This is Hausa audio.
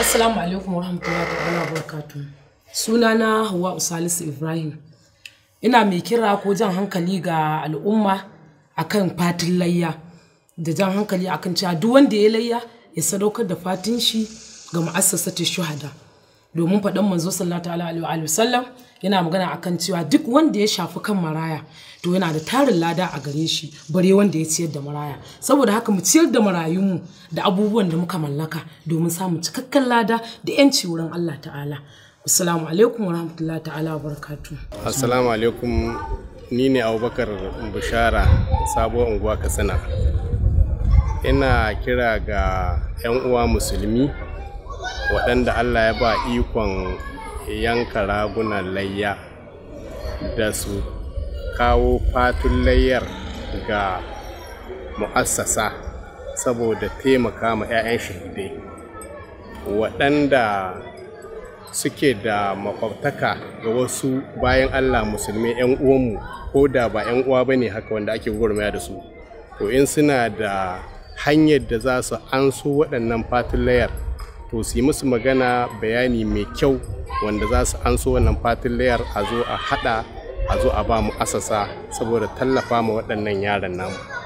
Assalamu alaikum warahmatullahi wabarakatuh. Sunana Hauwa Salisu Ibrahim. Ina mai kira ko jan hankali ga al'umma akan fatin layya da jan hankali akan cewa duk wanda ya layya ya sadaukar da fatin shi ga ta shuhada. domin faɗan manzo sallallahu alaihi wa sallam yana magana akan cewa duk wanda ya shafi kan maraya to yana da tarin lada a gare shi bare wanda ya ciyar da maraya saboda haka mu ciyar da mu da abubuwan da muka mallaka domin samun cikakken lada da yanci wurin Allah ta'ala assalamu alaikum warahmatullahi ta'ala wabarakatuh assalamu alaikum ni ne abubakar bushara sabuwar unguwa katsina ina kira ga 'yan uwa musulmi waɗanda Allah ya ba ikon yanka ragunan layya da su kawo fatun layyar ga mu'assasa saboda taimaka ma 'ya'yan shahidai waɗanda suke da makwabtaka ga wasu bayan Allah musulmi 'yan uwanmu ko da ba 'yan uwa ba ne haka wanda ake gurmaya da su to in suna da hanyar da za su an su waɗannan fatun layar to su yi musu magana bayani mai kyau wanda za su an so wannan fatin layar a zo a hada a zo a ba mu asasa saboda tallafa ma waɗannan yaran namu